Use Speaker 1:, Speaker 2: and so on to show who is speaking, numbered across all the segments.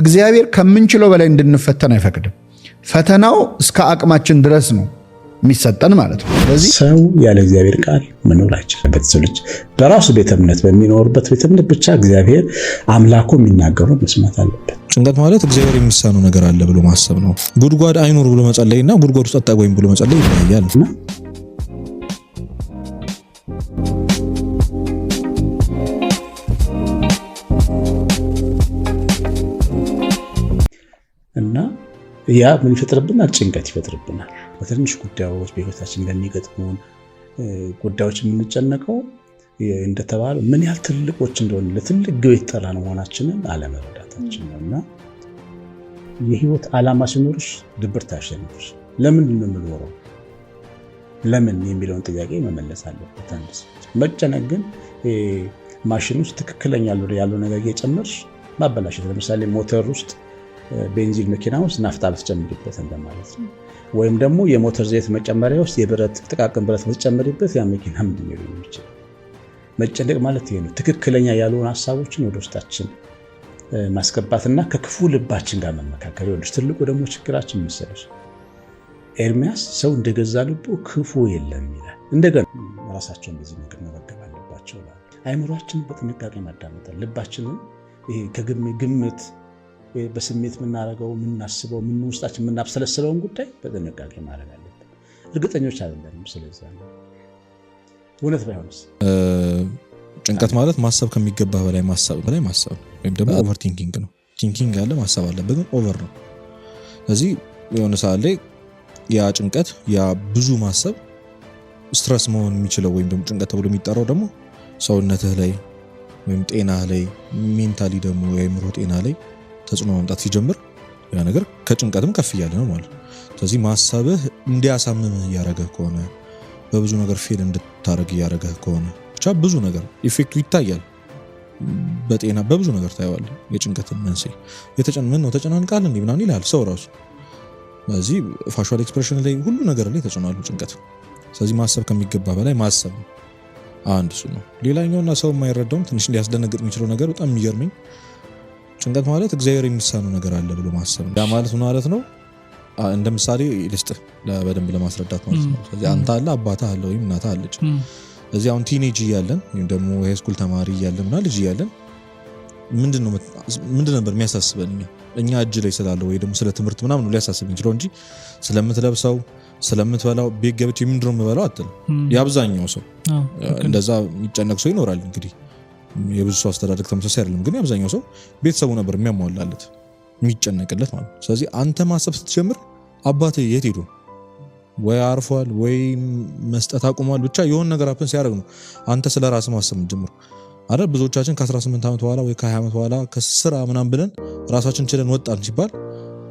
Speaker 1: እግዚአብሔር ከምንችለው በላይ እንድንፈተን አይፈቅድም። ፈተናው እስከ አቅማችን ድረስ ነው የሚሰጠን ማለት ነው።
Speaker 2: ስለዚህ ሰው ያለ እግዚአብሔር ቃል መኖር አይችልበት። ልጅ በራሱ ቤተ እምነት በሚኖርበት ቤተ እምነት ብቻ እግዚአብሔር አምላኩ የሚናገሩ መስማት አለበት።
Speaker 3: ጭንቀት ማለት እግዚአብሔር የሚሳነው ነገር አለ ብሎ ማሰብ ነው። ጉድጓድ አይኖር ብሎ እና ጉድጓድ ውስጥ አጣጎኝ ብሎ መጸለይ ይለያያል።
Speaker 2: እና ያ ምን ይፈጥርብናል? ጭንቀት ይፈጥርብናል። በትንሽ ጉዳዮች በህይወታችን በሚገጥሙን ጉዳዮች የምንጨነቀው እንደተባለው ምን ያህል ትልቆች እንደሆነ ለትልቅ ግብ የተጠራን መሆናችንን አለመረዳታችን ነው። እና የህይወት ዓላማ ሲኖርሽ ድብርት አያሸንፍሽ። ለምንድን ነው የምኖረው ለምን የሚለውን ጥያቄ መመለስ አለበት። አንድ መጨነቅ ግን ማሽን ውስጥ ትክክለኛ ያለው ነገር እየጨመርሽ ማበላሸት፣ ለምሳሌ ሞተር ውስጥ ቤንዚን መኪና ውስጥ ናፍታ ብትጨምሪበት እንደማለት ነው። ወይም ደግሞ የሞተር ዘይት መጨመሪያ ውስጥ የብረት ጥቃቅን ብረት ብትጨምሪበት ያ መኪና ምንድን ነው ሊሆን ይችላል። መጨነቅ ማለት ይሄ ነው። ትክክለኛ ያልሆኑ ሀሳቦችን ወደ ውስጣችን ማስገባትና ከክፉ ልባችን ጋር መመካከል ይሆንች። ትልቁ ደግሞ ችግራችን መሰለሽ ኤርሚያስ ሰው እንደገዛ ልቡ ክፉ የለም ይላል። እንደገና ራሳቸውን በዚህ መንገድ መመገብ አለባቸው። አይምሯችንን በጥንቃቄ ማዳመጣል ልባችንን ከግምት በስሜት የምናደርገው የምናስበው ምን ውስጣችን የምናብሰለስለውን ጉዳይ በጥንቃቄ ማድረግ አለብን። እርግጠኞች አይደለንም። ስለዚያ እውነት ባይሆንስ
Speaker 3: ጭንቀት ማለት ማሰብ ከሚገባ በላይ ማሰብ በላይ ማሰብ ወይም ደግሞ ኦቨር ቲንኪንግ ነው። ቲንኪንግ ያለ ማሰብ አለበት፣ ግን ኦቨር ነው። ስለዚህ የሆነ ሰዓት ላይ ያ ጭንቀት ያ ብዙ ማሰብ ስትረስ መሆን የሚችለው ወይም ደግሞ ጭንቀት ተብሎ የሚጠራው ደግሞ ሰውነትህ ላይ ወይም ጤና ላይ ሜንታሊ ደግሞ የአይምሮ ጤና ላይ ተጽዕኖ መምጣት ሲጀምር ያ ነገር ከጭንቀትም ከፍ እያለ ነው ማለት ስለዚህ ማሰብህ እንዲያሳምምህ እያደረገህ ከሆነ በብዙ ነገር ፌል እንድታደረግ እያደረገህ ከሆነ ብቻ ብዙ ነገር ኢፌክቱ ይታያል። በጤና በብዙ ነገር ታየዋል። የጭንቀትን መንስኤ የተጨምን ነው ተጨናንቃል እንዲ ምናምን ሰው ራሱ። ስለዚህ ፋሻል ኤክስፕሬሽን ላይ ሁሉ ነገር ላይ ተጽዕኗል ጭንቀት። ስለዚህ ማሰብ ከሚገባ በላይ ማሰብ ነው አንድ እሱ ነው። ሌላኛውና ሰው የማይረዳውም ትንሽ ሊያስደነግጥ የሚችለው ነገር በጣም የሚገርመኝ ጭንቀት ማለት እግዚአብሔር የሚሳነው ነገር አለ ብሎ ማሰብ ነው። ያ ማለት ማለት ነው። እንደ ምሳሌ ልስጥ በደንብ ለማስረዳት ማለት ነው። ስለዚህ አንተ አለ አባትህ አለ ወይም እናትህ አለች። እዚህ አሁን ቲኔጅ እያለን ወይም ደግሞ ሃይስኩል ተማሪ እያለን ምና ልጅ እያለን ምንድን ነበር የሚያሳስበን እኛ እኛ እጅ ላይ ስላለው ወይ ደግሞ ስለ ትምህርት ምናምን ሊያሳስብ እንችለው እንጂ ስለምትለብሰው ስለምትበላው ቤት ገብቼ ምንድነው የምበላው አትልም። የአብዛኛው ሰው እንደዛ የሚጨነቅ ሰው ይኖራል እንግዲህ የብዙ ሰው አስተዳደግ ተመሳሳይ አይደለም፣ ግን የአብዛኛው ሰው ቤተሰቡ ነበር የሚያሟላለት የሚጨነቅለት ማለት ነው። ስለዚህ አንተ ማሰብ ስትጀምር አባቴ የት ሄዱ ወይ አርፏል ወይ መስጠት አቁሟል፣ ብቻ የሆን ነገር አፕን ሲያደርግ ነው አንተ ስለ ራስ ማሰብ ጀምሩ አይደል? ብዙዎቻችን ከ18 ዓመት በኋላ ወይ ከ20 ዓመት በኋላ ከስራ ምናምን ብለን ራሳችን ችለን ወጣን ሲባል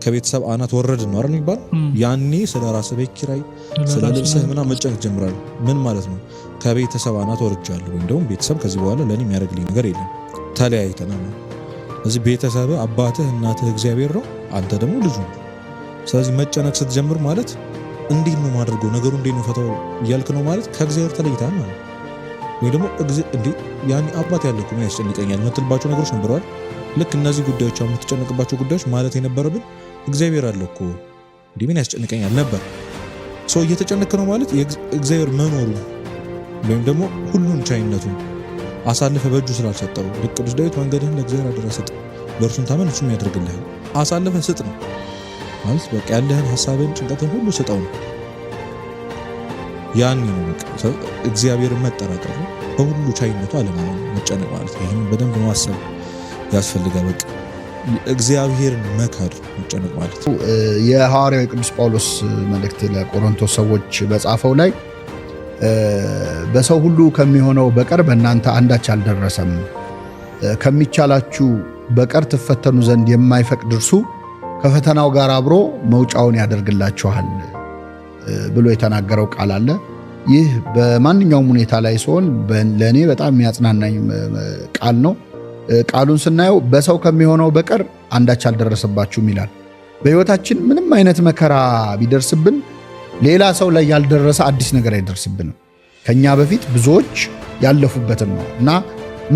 Speaker 3: ከቤተሰብ አናት ወረድ ነው አይደል የሚባል። ያኔ ስለ ራሰ ቤት ኪራይ፣ ስለ ልብስህ ምና መጨነቅ ጀምራል። ምን ማለት ነው? ከቤተሰብ አናት ወርጃለሁ ወይም ደግሞ ቤተሰብ ከዚህ በኋላ ለእኔ የሚያደርግልኝ ነገር የለም፣ ተለያይተናል። እዚህ ቤተሰብ አባትህ እናትህ እግዚአብሔር ነው፣ አንተ ደግሞ ልጁ። ስለዚህ መጨነቅ ስትጀምር ማለት እንዴት ነው ማድርገው ነገሩ እንዴት ነው ፈተው እያልክ ነው ማለት ከእግዚአብሔር ተለይታል ማለት ወይ ደግሞ እንዴ አባት ያለኩ ያስጨንቀኛል የምትልባቸው ነገሮች ነበረዋል። ልክ እነዚህ ጉዳዮች የምትጨነቅባቸው ጉዳዮች ማለት የነበረብን እግዚአብሔር አለ እኮ እንዲህ ምን ያስጨንቀኛል ነበር። ሰው እየተጨነቀ ነው ማለት እግዚአብሔር መኖሩ ወይም ደግሞ ሁሉን ቻይነቱን አሳልፈ በእጁ ስላልሰጠው ቅዱስ ዳዊት መንገድህን ለእግዚአብሔር አደራ ስጥ፣ በእርሱን ታመን እሱም ያደርግልሃል። አሳልፈ ስጥ ነው ማለት በቃ ያለህን ሀሳብን ጭንቀትን ሁሉ ስጠው ነው። ያን እግዚአብሔር መጠራጠሩ በሁሉ ቻይነቱ አለማመን መጨነቅ ማለት ይህን በደንብ ማሰብ ያስፈልጋል በቃ እግዚአብሔርን መከር መጨነቅ ማለት ነው።
Speaker 2: የሐዋርያው ቅዱስ ጳውሎስ መልእክት ለቆሮንቶስ ሰዎች በጻፈው ላይ በሰው ሁሉ ከሚሆነው በቀር በእናንተ አንዳች አልደረሰም፣ ከሚቻላችሁ በቀር ትፈተኑ ዘንድ የማይፈቅድ እርሱ ከፈተናው ጋር አብሮ መውጫውን ያደርግላችኋል ብሎ የተናገረው ቃል አለ። ይህ በማንኛውም ሁኔታ ላይ ሲሆን ለእኔ በጣም የሚያጽናናኝ ቃል ነው። ቃሉን ስናየው በሰው ከሚሆነው በቀር አንዳች አልደረሰባችሁም ይላል። በሕይወታችን ምንም አይነት መከራ ቢደርስብን ሌላ ሰው ላይ ያልደረሰ አዲስ ነገር አይደርስብንም። ከኛ በፊት ብዙዎች ያለፉበትን ነው እና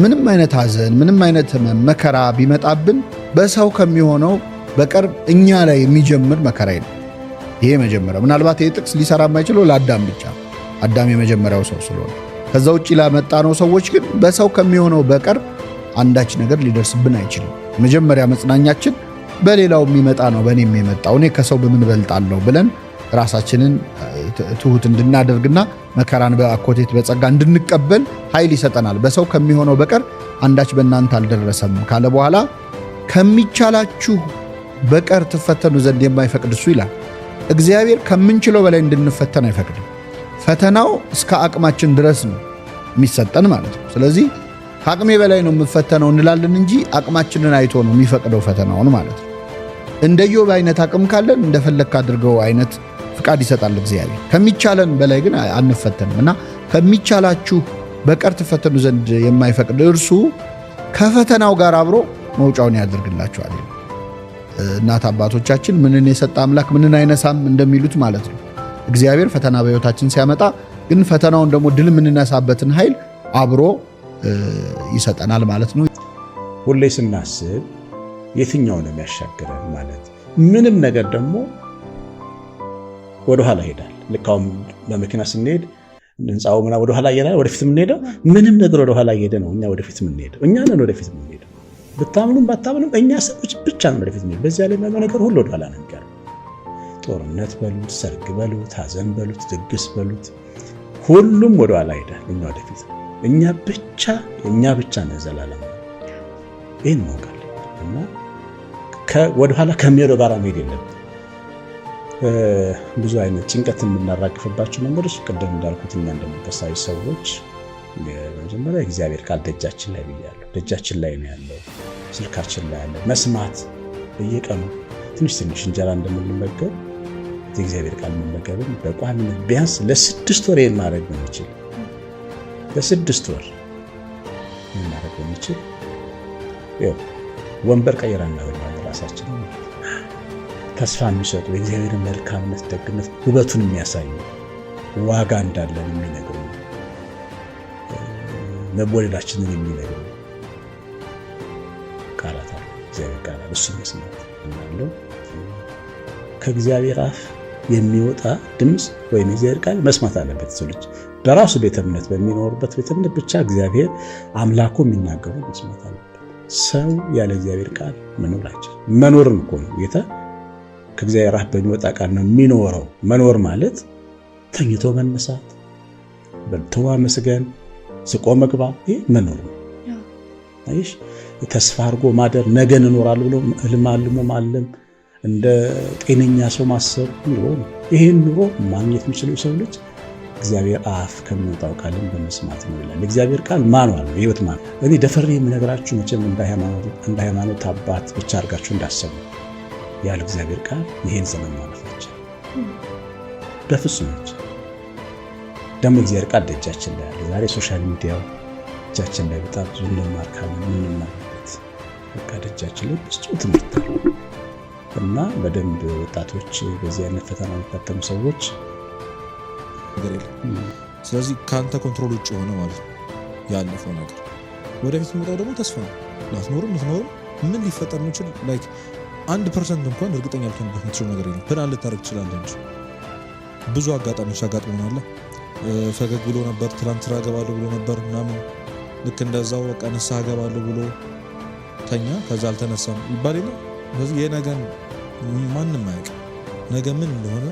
Speaker 2: ምንም አይነት ሐዘን፣ ምንም አይነት መከራ ቢመጣብን በሰው ከሚሆነው በቀር እኛ ላይ የሚጀምር መከራ የለም። ይሄ መጀመሪያው። ምናልባት ይህ ጥቅስ ሊሰራ የማይችለው ለአዳም ብቻ፣ አዳም የመጀመሪያው ሰው ስለሆነ። ከዛ ውጭ ላመጣነው ሰዎች ግን በሰው ከሚሆነው በቀር አንዳች ነገር ሊደርስብን አይችልም። መጀመሪያ መጽናኛችን በሌላው የሚመጣ ነው። በእኔ የመጣው እኔ ከሰው በምን በልጣለሁ ብለን ራሳችንን ትሁት እንድናደርግና መከራን በአኮቴት በጸጋ እንድንቀበል ኃይል ይሰጠናል። በሰው ከሚሆነው በቀር አንዳች በእናንተ አልደረሰም ካለ በኋላ ከሚቻላችሁ በቀር ትፈተኑ ዘንድ የማይፈቅድ እሱ ይላል። እግዚአብሔር ከምንችለው በላይ እንድንፈተን አይፈቅድም። ፈተናው እስከ አቅማችን ድረስ ነው የሚሰጠን ማለት ነው። ስለዚህ ከአቅሜ በላይ ነው የምፈተነው እንላለን እንጂ አቅማችንን አይቶ ነው የሚፈቅደው ፈተናውን ማለት ነው። እንደ ኢዮብ አይነት አቅም ካለን እንደፈለግ አድርገው አይነት ፍቃድ ይሰጣል እግዚአብሔር። ከሚቻለን በላይ ግን አንፈተንም እና ከሚቻላችሁ በቀር ትፈተኑ ዘንድ የማይፈቅድ እርሱ ከፈተናው ጋር አብሮ መውጫውን ያደርግላችኋል። እናት አባቶቻችን ምንን የሰጠ አምላክ ምንን አይነሳም እንደሚሉት ማለት ነው። እግዚአብሔር ፈተና በሕይወታችን ሲያመጣ ግን ፈተናውን ደግሞ ድል የምንነሳበትን ኃይል አብሮ ይሰጠናል ማለት ነው። ሁሌ ስናስብ የትኛው ነው የሚያሻግረን ማለት ምንም ነገር ደግሞ ወደኋላ ይሄዳል። ልካውም በመኪና ስንሄድ ህንፃው ምና ወደኋላ እየሄዳል። ወደፊት የምንሄደው ምንም ነገር ወደኋላ እየሄደ ነው። እኛ ወደፊት የምንሄደው እኛ ነን። ወደፊት የምንሄደው ብታምኑም ባታምኑም እኛ ሰዎች ብቻ ነው ወደፊት የምንሄደው። በዚያ ላይ ነገር ሁሉ ወደኋላ ነው የሚቀረው። ጦርነት በሉት፣ ሰርግ በሉት፣ ሀዘን በሉት፣ ድግስ በሉት፣ ሁሉም ወደኋላ ይሄዳል። እኛ ወደፊት ነው። እኛ ብቻ እኛ ብቻ ነን ዘላለም። ይህን ማወቅ እና ወደኋላ ከሚሄደው ጋር መሄድ የለብን። ብዙ አይነት ጭንቀትን የምናራግፍባቸው መንገዶች ቅድም እንዳልኩት እኛ እንደመንፈሳዊ ሰዎች መጀመሪያ እግዚአብሔር ቃል ደጃችን ላይ ብያለሁ። ደጃችን ላይ ነው ያለው፣ ስልካችን ላይ ያለ መስማት በየቀኑ ትንሽ ትንሽ እንጀራ እንደምንመገብ የእግዚአብሔር ቃል መመገብን በቋሚነት ቢያንስ ለስድስት ወር ማድረግ ነው የሚችል በስድስት ወር ልናደርግ የሚችል ወንበር ቀይራ እናገኛለን። ራሳችን ተስፋ የሚሰጡ የእግዚአብሔር መልካምነት፣ ደግነት፣ ውበቱን የሚያሳዩ ዋጋ እንዳለን የሚነግሩ መወደዳችንን የሚነግሩ ቃላት አሉ። እግዚአብሔር ቃላት እሱ መስማት እናለው ከእግዚአብሔር አፍ የሚወጣ ድምፅ ወይም የእግዚአብሔር ቃል መስማት አለበት ሰው ልጅ በራሱ ቤተ እምነት በሚኖርበት ቤተ እምነት ብቻ እግዚአብሔር አምላኩ የሚናገሩ መስማት አለበት። ሰው ያለ እግዚአብሔር ቃል መኖር አይችልም። መኖርን እኮ ነው ጌታ ከእግዚአብሔር አፍ በሚወጣ ቃል ነው የሚኖረው። መኖር ማለት ተኝቶ መነሳት፣ በልቶ ማመስገን፣ ስቆ መግባት፣ ይህ መኖር ነው። ይሽ ተስፋ አድርጎ ማደር፣ ነገን እኖራለሁ ብሎ ህልም አልሞ ማለም፣ እንደ ጤነኛ ሰው ማሰብ ኑሮ ነው። ይህን ኑሮ ማግኘት የሚችለው ሰው ልጅ እግዚአብሔር አፍ ከሚወጣው ቃልም በመስማት ነው ይላል። እግዚአብሔር ቃል ማኗል ነው፣ ህይወት ማ እኔ ደፈሬ የምነግራችሁ መቼም እንደ ሃይማኖት አባት ብቻ አድርጋችሁ እንዳሰቡ ያለ እግዚአብሔር ቃል ይሄን ዘመን ማለፍ አይቻልም፣ በፍጹም አይቻልም። ደግሞ እግዚአብሔር ቃል ደጃችን ላይ ያለ ዛሬ ሶሻል ሚዲያው እጃችን ላይ በጣም ብዙ ልማር ካለ የምንማርበት በቃ ደጃችን ላይ ብዙ ትምህርት አለ እና በደንብ ወጣቶች በዚህ አይነት ፈተና የሚፈተኑ ሰዎች ነገር የለም። ስለዚህ ከአንተ ኮንትሮል ውጭ የሆነ ማለት ነው ያለፈው ነገር። ወደፊት የሚመጣው ደግሞ ተስፋ ነው። ላትኖርም ልትኖርም ምን ሊፈጠር የሚችል ላይክ አንድ ፐርሰንት እንኳን እርግጠኛ ልትሆንበት የምትችለው ነገር የለም። ፕላን ልታደርግ ትችላለህ እንጂ ብዙ አጋጣሚዎች አጋጥሞናል። ፈገግ ብሎ ነበር ትላንት ስራ እገባለሁ ብሎ ነበር ምናምን ልክ እንደዛው በቃ ንስሐ እገባለሁ ብሎ ተኛ፣ ከዛ አልተነሳም ይባል የለም። ስለዚህ የነገን ማንም አያውቅም። ነገ ምን እንደሆነ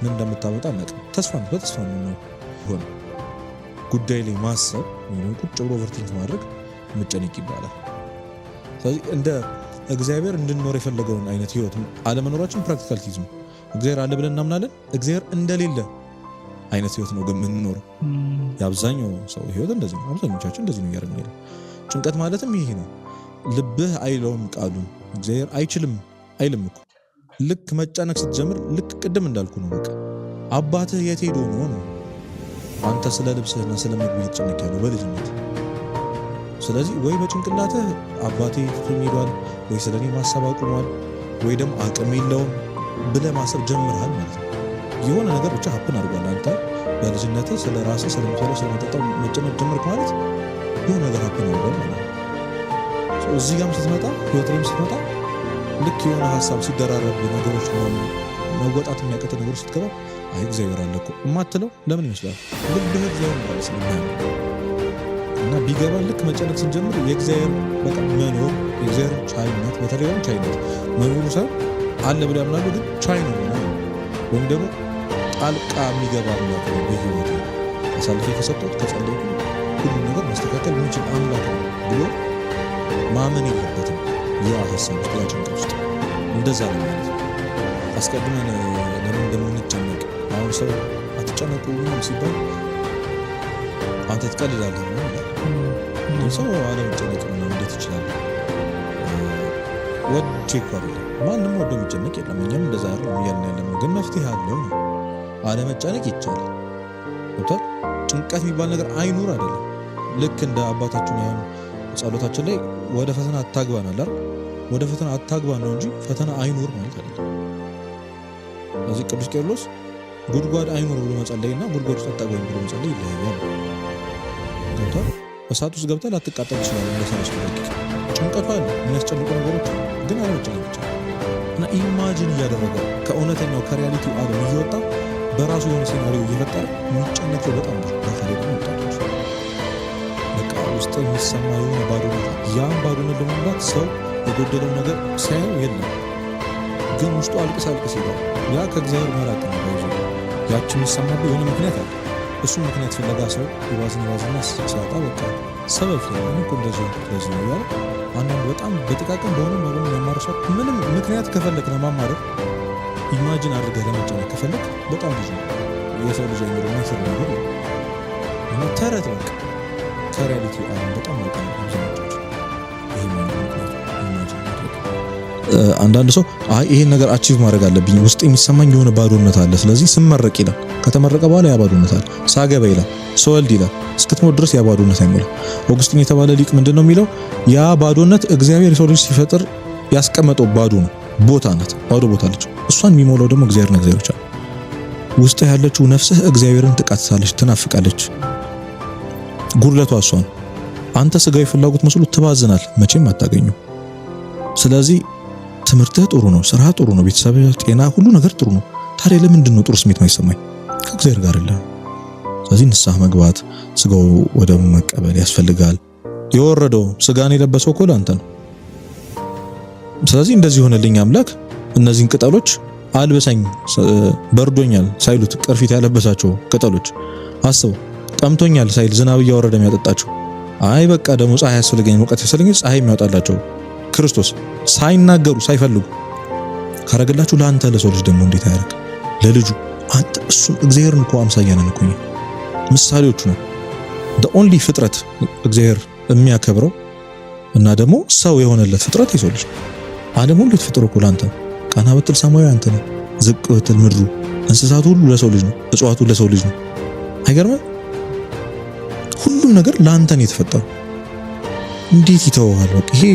Speaker 2: ምን እንደምታመጣ አናውቅም። ተስፋ በተስፋ ነው ሆነ ጉዳይ ላይ ማሰብ ወይም ቁጭ ብሎ ኦቨርቲንክ ማድረግ መጨነቅ ይባላል። ስለዚህ እንደ እግዚአብሔር እንድንኖር የፈለገውን አይነት ህይወት አለመኖራችን ቲዝም እግዚአብሔር አለ ብለን እናምናለን። እግዚአብሔር እንደሌለ አይነት ህይወት ነው ግን የምንኖረው። የአብዛኛው ሰው ህይወት እንደዚህ ነው። አብዛኞቻችን እንደዚህ ነው እያደረግን ሄደ። ጭንቀት ማለትም ይሄ ነው። ልብህ አይለውም ቃሉ እግዚአብሔር አይችልም አይልም እኮ ልክ መጨነቅ ስትጀምር ልክ ቅድም እንዳልኩ ነው በቃ አባትህ የት ሄዶ ነው ነው አንተ ስለ ልብስህና ስለ ምግብ የተጨነቅ ያለው በልጅነት ስለዚህ ወይ በጭንቅላትህ አባቴ ትቶኝ ሄዷል ወይ ስለ እኔ ማሰብ አቁሟል ወይ ደግሞ አቅም የለውም ብለህ ማሰብ ጀምረሃል ማለት ነው የሆነ ነገር ብቻ ሀፕን አድርጓል አንተ በልጅነት ስለ ራስ ስለምትበላው ስለመጠጠው መጨነቅ ጀምርክ ማለት የሆነ ነገር ሀፕን አድርጓል ማለት ነው እዚህ ጋም ስትመጣ ህይወት ላይም ስትመጣ ልክ የሆነ ሀሳብ ሲደራረብ ነገሮች ሆኑ መወጣት የሚያቀት ነገር ስትገባ አይ እግዚአብሔር አለ እኮ እማትለው ለምን ይመስላል ልብህ እግዚአብሔር እንዳለ እና ቢገባ ልክ መጨነቅ ስንጀምር የእግዚአብሔር በጣም መኖር የእግዚአብሔር ቻይነት በተለይም ቻይነት መኖሩ ሰ አለ ብላ ያምናሉ። ግን ቻይ ነው ወይም ደግሞ ጣልቃ የሚገባ አምላክ ነው። በህይወት አሳልፌ ከሰጠት ከጸለይኩ ሁሉም ነገር ማስተካከል የሚችል አምላክ ነው ብሎ ማመን የለበትም። ያ ሀሳብ ውስጥ ያ ውስጥ እንደዛ ነው ማለት ነው። አስቀድመን ለምን እንደምንጨነቅ አሁን ሰው አትጨነቁ ሲባል አንተ ትቀልዳለህ ነው ሰው አለመጨነቅ ነው እንዴት ይችላል? ወድ ይኳለ ማንም ወዶ የሚጨነቅ የለም። እኛም እንደዛ ያለ እያልን ያለ ግን መፍትሄ አለው ነው አለመጨነቅ ይቻላል። ብቷል ጭንቀት የሚባል ነገር አይኑር አይደለም። ልክ እንደ አባታችን ያን ጸሎታችን ላይ ወደ ፈተና አታግባን አላል። ወደ ፈተና አታግባን ነው እንጂ ፈተና አይኑር ማለት አይደለም። ስለዚህ ቅዱስ ቄርሎስ ጉድጓድ አይኑር ብሎ መጸለይ መጸለይና ጉድጓድ ውስጥ አታግባኝ ብሎ መጸለይ ይለያያል። ገብቷል። እሳት ውስጥ ገብታ ላትቃጠል ይችላል። ለሰረስ ደቂቃ ጭንቀቷ አለ፣ የሚያስጨንቁ ነገሮች ግን አለመጨነቅ ብቻ እና ኢማጂን እያደረገ ከእውነተኛው ከሪያሊቲው ዓለም እየወጣ በራሱ የሆነ ሴናሪዮ እየፈጠረ የሚጨነቀው በጣም ብዙ በተለይ ደግሞ ወጣቶች በቃ ውስጥ የሚሰማ የሆነ ባዶነት ያን ባዶነት ለመሙላት ሰው የጎደለው ነገር ሲያየው የለም ግን ውስጡ አልቅስ አልቅስ ይለዋል። ያ ከእግዚአብሔር መራቅ ነው። ይዞ ያች የሚሰማበት የሆነ ምክንያት አለ። እሱ ምክንያት ፍለጋ ሰው ይዋዝን ይዋዝና ሲያጣ በቃ ሰበብ ስለሆነ እንደዚ ለዚ ነው እያለ አንዳንድ በጣም በጥቃቅን በሆነ ነገሩ ያማርሷል። ምንም ምክንያት ከፈለግ ለማማረር ኢማጂን አድርገህ ለመጨነቅ ከፈለግ በጣም ብዙ ነው። የሰው ልጅ አይምሮ የሚፈር ነገር ነው ተረት በቃ ከሪያሊቲ አለም በጣም በጣም ብዙ ናቸው።
Speaker 3: አንዳንድ ሰው አይ ይሄን ነገር አቺቭ ማድረግ አለብኝ ውስጥ የሚሰማኝ የሆነ ባዶነት አለ፣ ስለዚህ ስመረቅ ይላል። ከተመረቀ በኋላ ያ ባዶነት አለ። ሳገባ ይላል፣ ስወልድ ይላል፣ እስክትሞት ድረስ ያ ባዶነት አይሞላም። ኦግስቲን የተባለ ሊቅ ምንድን ነው የሚለው? ያ ባዶነት እግዚአብሔር የሰው ልጅ ሲፈጥር ያስቀመጠው ባዶ ነው ቦታ ናት፣ ባዶ ቦታ አለች። እሷን የሚሞላው ደግሞ እግዚአብሔር ነው። እግዚአብሔር ውስጥ ያለችው ነፍስህ እግዚአብሔርን ትቃትታለች፣ ትናፍቃለች። ጉድለቷ እሷ ነው። አንተ ስጋዊ ፍላጎት መስሎ ትባዝናል፣ መቼም አታገኙ። ስለዚህ ትምህርትህ ጥሩ ነው፣ ስራ ጥሩ ነው፣ ቤተሰብ፣ ጤና፣ ሁሉ ነገር ጥሩ ነው። ታዲያ ለምንድን ነው ጥሩ ስሜት ማይሰማኝ? ከእግዚአብሔር ጋር አይደለም። ስለዚህ ንስሐ መግባት ስጋው ወደ መቀበል ያስፈልጋል። የወረደው ስጋን የለበሰው እኮ ለአንተ ነው። ስለዚህ እንደዚህ የሆነልኝ አምላክ እነዚህን ቅጠሎች አልበሰኝ፣ በርዶኛል ሳይሉት ቅርፊት ያለበሳቸው ቅጠሎች አስበው፣ ጠምቶኛል ሳይል ዝናብ እያወረደ የሚያጠጣቸው አይ በቃ ደግሞ ፀሐይ ያስፈልገኝ ሙቀት ያስፈልገኝ ፀሐይ የሚያወጣላቸው ክርስቶስ ሳይናገሩ ሳይፈልጉ ካረገላችሁ ለአንተ ለሰው ልጅ ደግሞ እንዴት አያደርግ? ለልጁ አንተ እሱም እግዚአብሔርን እኮ አምሳያ እኮ ምሳሌዎቹ ነው። ኦንሊ ፍጥረት እግዚአብሔር የሚያከብረው እና ደግሞ ሰው የሆነለት ፍጥረት የሰው ልጅ ዓለም ሁሉ የተፈጠረ እኮ ለአንተ ነው። ቀና ብትል ሰማዩ አንተ ነው። ዝቅ ብትል ምድሩ፣ እንስሳቱ ሁሉ ለሰው ልጅ ነው። እጽዋቱ ለሰው ልጅ ነው። አይገርምም? ሁሉም ነገር ለአንተ ነው የተፈጠረው። እንዴት ይተወዋል? በቃ ይሄ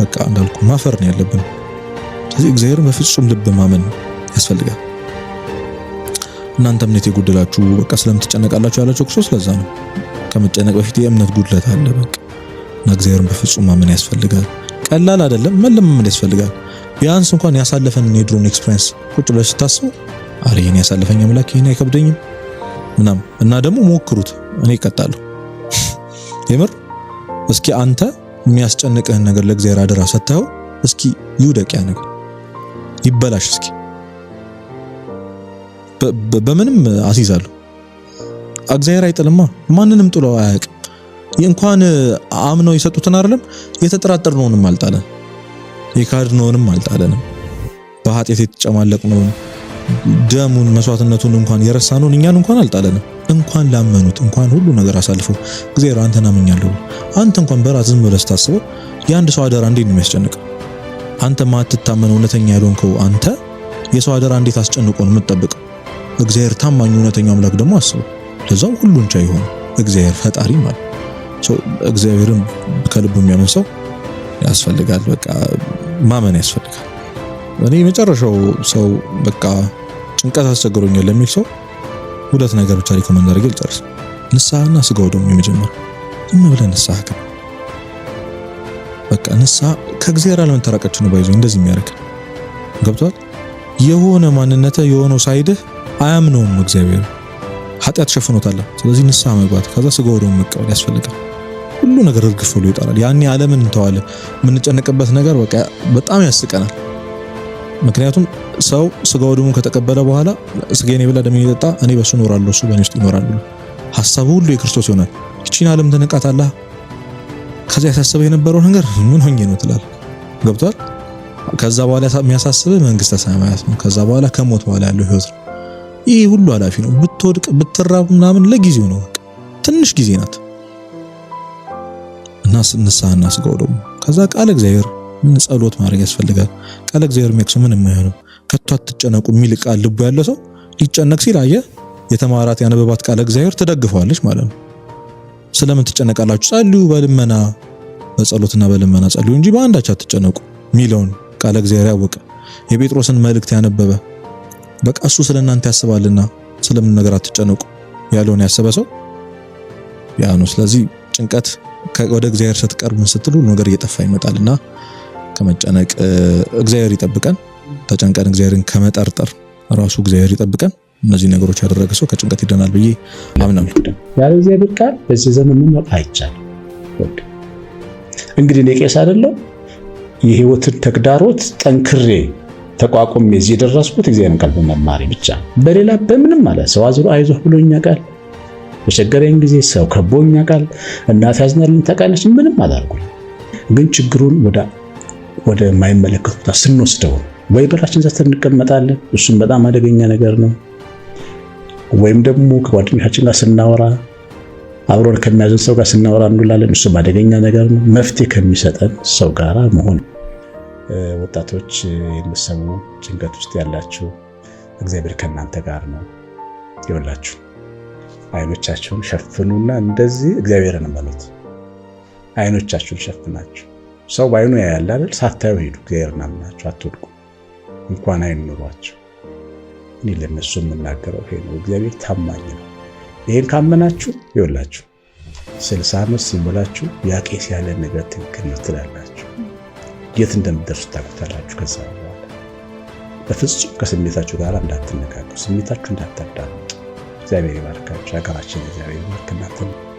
Speaker 3: በቃ እንዳልኩ ማፈር ነው ያለብን። ስለዚህ እግዚአብሔርን በፍጹም ልብ ማመን ያስፈልጋል። እናንተ እምነት የጎደላችሁ በቃ ስለምትጨነቃላችሁ ያላችሁ ክርስቶስ ለዛ ነው። ከመጨነቅ በፊት የእምነት ጉድለት አለ። በቃ እና እግዚአብሔርን በፍጹም ማመን ያስፈልጋል። ቀላል አይደለም፣ መለማመድ ያስፈልጋል። ቢያንስ እንኳን ያሳለፈን የድሮን ኤክስፒሪየንስ ቁጭ ብለህ ስታስቡ አረ ይሄን ያሳለፈኝ አምላክ ይሄን አይከብደኝም ምናምን እና ደግሞ ሞክሩት። እኔ ይቀጣለሁ የምር እስኪ አንተ የሚያስጨንቅህን ነገር ለእግዚአብሔር አደራ ሰጥተኸው እስኪ ይውደቅ ያ ነገር ይበላሽ እስኪ በምንም አስይዛለሁ። እግዚአብሔር አይጥልማ፣ ማንንም ጥሎ አያውቅም። እንኳን አምነው የሰጡትን አይደለም ነውንም አልጣለን፣ ነውንም አልጣለንም፣ በኃጢአት ነውን ደሙን መስዋዕትነቱን እንኳን የረሳነውን እኛን እንኳን አልጣለንም። እንኳን ላመኑት እንኳን ሁሉ ነገር አሳልፈው እግዚአብሔር አንተን አምኛለሁ አንተ እንኳን በራስ ዝም ብለህ ስታስበው የአንድ ሰው አደራ እንዴት ነው የሚያስጨንቅ? አንተ ማትታመን እውነተኛ ያልሆንከው አንተ የሰው አደራ እንዴት አስጨንቆ ነው የምትጠብቀው? እግዚአብሔር ታማኝ እውነተኛ አምላክ ደግሞ አስበው። ለዛው ሁሉን ቻይ የሆነ እግዚአብሔር ፈጣሪ ማለት ሰው እግዚአብሔርን ከልቡ የሚያምን ሰው ያስፈልጋል። በቃ ማመን ያስፈልጋል። እኔ የመጨረሻው ሰው በቃ ጭንቀት አስቸግሮኛል ለሚል ሰው ሁለት ነገር ብቻ ሪኮመንድ አድርጌ ልጨርስ፣ ንስሐና ስጋው ወደሙ። የመጀመር ዝም ብለህ ንስሐ ግባ። በቃ ንስሐ ከእግዚአብሔር ተራቀች ነው ባይዞ እንደዚህ የሚያደርግ ገብቷል። የሆነ ማንነትህ የሆነው ሳይድህ አያምነውም እግዚአብሔር ኃጢአት ሸፍኖታል። ስለዚህ ንስሐ መግባት ከዛ ስጋ ወደሙ መቀበል ያስፈልጋል። ሁሉ ነገር እርግፍ ብሎ ይጠራል። ያኔ ዓለምን እንተዋለ የምንጨነቅበት ነገር በቃ በጣም ያስቀናል። ምክንያቱም ሰው ስጋው ደሙ ከተቀበለ በኋላ ስጋዬን የበላ ደሜን የጠጣ እኔ በሱ እኖራለሁ እሱ በእኔ ውስጥ ይኖራል ብሎ ሀሳቡ ሁሉ የክርስቶስ ይሆናል። ይቺን ዓለም ትንቃታለህ። ከዚያ ያሳሰበ የነበረው ነገር ምን ሆኜ ነው ትላል። ገብቷል። ከዛ በኋላ የሚያሳስበ መንግስተ ሰማያት ነው። ከዛ በኋላ ከሞት በኋላ ያለው ህይወት ነው። ይህ ሁሉ ኃላፊ ነው። ብትወድቅ ብትራብ ምናምን ለጊዜው ነው፣ ትንሽ ጊዜ ናት እና ንስሐና ስጋው ደግሞ ከዛ ቃል እግዚአብሔር ምን ጸሎት ማድረግ ያስፈልጋል? ቃለ እግዚአብሔር መክሱ ምንም አይሆንም። ከቶ አትጨነቁ የሚል ቃል ልቡ ያለ ሰው ሊጨነቅ ሲል አየ የተማራት ያነበባት ቃለ እግዚአብሔር ትደግፈዋለች ማለት ነው። ስለምን ትጨነቃላችሁ? ጸልዩ፣ በልመና በጸሎትና በልመና ጸልዩ እንጂ በአንዳች አትጨነቁ ሚለውን ቃለ እግዚአብሔር ያወቀ የጴጥሮስን መልእክት ያነበበ በቃ እሱ ስለእናንተ ያስባልና ስለምን ነገር አትጨነቁ ያለውን ያሰበ ሰው ያ ነው። ስለዚህ ጭንቀት ወደ እግዚአብሔር ስትቀርብ ምን ስትሉ ነገር እየጠፋ ይመጣልና ከመጨነቅ እግዚአብሔር ይጠብቀን። ተጨንቀን እግዚአብሔርን ከመጠርጠር ራሱ እግዚአብሔር ይጠብቀን። እነዚህ ነገሮች ያደረገ ሰው ከጭንቀት ይደናል ብዬ አምናለሁ።
Speaker 2: ያለ እግዚአብሔር ቃል በዚህ ዘመን ምን መጣ አይቻልም። እንግዲህ እኔ ቄስ አይደለሁ። የህይወትን ተግዳሮት ጠንክሬ ተቋቁሜ እዚህ የደረስኩት እግዚአብሔር ቃል በመማሪ ብቻ በሌላ በምንም አለ ሰው አዝሮ አይዞህ ብሎኛ ቃል በቸገረኝ ጊዜ ሰው ከቦኛ ቃል እናት ያዝናልን ተቃነች ምንም አላልኩም፣ ግን ችግሩን ወደ ወደ ማይመለከት ቦታ ስንወስደው ወይ በራችን ዘተን እንቀመጣለን፣ እሱም በጣም አደገኛ ነገር ነው። ወይም ደግሞ ከጓደኞቻችን ጋር ስናወራ አብሮን ከሚያዘን ሰው ጋር ስናወራ እንውላለን፣ እሱም አደገኛ ነገር ነው። መፍትሄ ከሚሰጠን ሰው ጋር መሆን። ወጣቶች የምሰሙ ጭንቀት ውስጥ ያላችሁ እግዚአብሔር ከእናንተ ጋር ነው። ይወላችሁ አይኖቻችሁን ሸፍኑና እንደዚህ እግዚአብሔርን በሉት። አይኖቻችሁን ሸፍናችሁ ሰው ባይኑ ያያል አይደል? ሳታዩ ሄዱ። እግዚአብሔርን እናምናቸው አትወድቁ። እንኳን አይን ኑሯቸው። እኔ ለነሱ የምናገረው ይሄ ነው። እግዚአብሔር ታማኝ ነው። ይሄን ካመናችሁ ይወላችሁ ስልሳ ዓመት ሲሞላችሁ ያቄስ ያለ ነገር ትክክል ነው ትላላችሁ። የት እንደምደርሱ ታውቁታላችሁ። ከዛ በኋላ በፍጹም ከስሜታችሁ ጋር እንዳትነጋገሩ፣ ስሜታችሁ እንዳታዳምጡ። እግዚአብሔር ይባርካችሁ። ሀገራችን እግዚአብሔር ይባርክ።